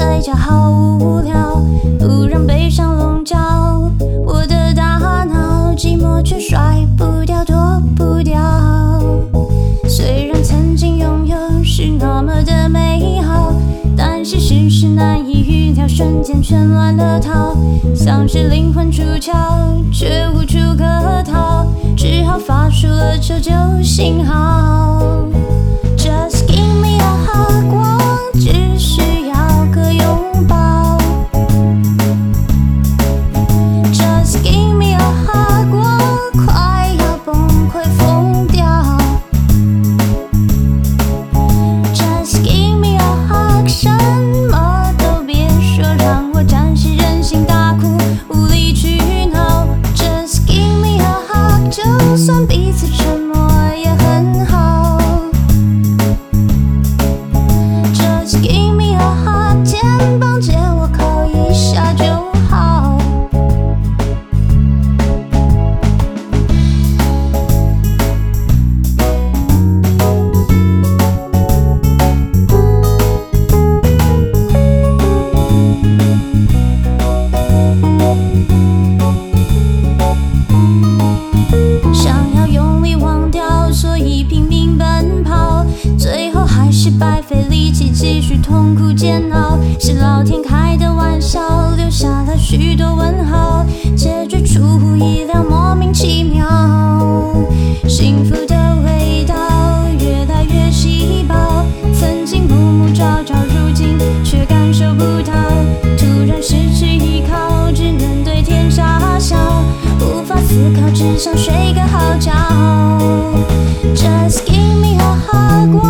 在家好無聊，不讓悲傷籠罩。我的大腦寂寞卻甩不掉，躲不掉。雖然曾經擁有是那麼的美好，但是世事難以預料，瞬間全亂了套。像是靈魂出竅，卻無處可逃，只好發出了求救信號。就算彼此沉。繼續痛苦煎熬，是老天開的玩笑，留下了許多問號，結局出乎意料，莫名其妙。幸福的味道越來越稀薄，曾經暮暮朝朝，如今卻感受不到。突然失去依靠，只能對天傻笑，無法思考，只想睡個好覺。Just give me a hug。